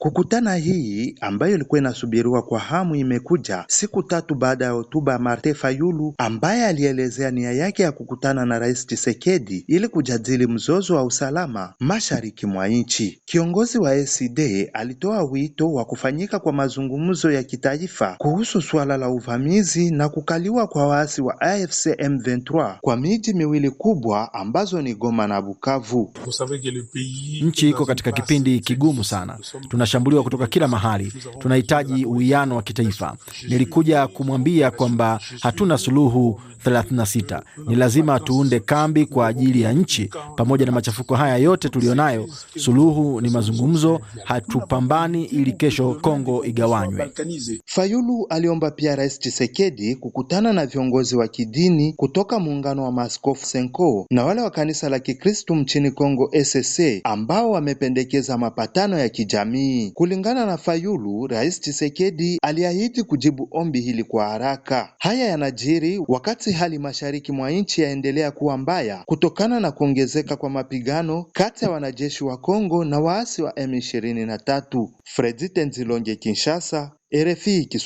Kukutana hii ambayo ilikuwa inasubiriwa kwa hamu imekuja siku tatu baada ya hotuba ya Martin Fayulu ambaye alielezea nia yake ya kukutana na Rais Tshisekedi ili kujadili mzozo wa usalama mashariki mwa nchi. Kiongozi wa ACD e alitoa wito wa kufanyika kwa mazungumzo ya kitaifa kuhusu suala la uvamizi na kukaliwa kwa waasi wa AFC M23 kwa miji miwili kubwa ambazo ni Goma na Bukavu. Nchi iko katika kipindi kigumu sana. Tuna tunashambuliwa kutoka kila mahali. Tunahitaji uwiano wa kitaifa. Nilikuja kumwambia kwamba hatuna suluhu 36. Ni lazima tuunde kambi kwa ajili ya nchi. Pamoja na machafuko haya yote tuliyonayo, suluhu ni mazungumzo. Hatupambani ili kesho Kongo igawanywe. Fayulu aliomba pia Rais Tshisekedi kukutana na viongozi wa kidini kutoka muungano wa maaskofu Senko na wale wa kanisa la Kikristu nchini Kongo SSA ambao wamependekeza mapatano ya kijamii. Kulingana na Fayulu, Rais Tshisekedi aliahidi kujibu ombi hili kwa haraka. Haya yanajiri wakati Wakati hali mashariki mwa nchi yaendelea kuwa mbaya kutokana na kuongezeka kwa mapigano kati ya wanajeshi wa Kongo na waasi wa M23. Fredzi Tenzilonge, Kinshasa, RFI Kiswahili.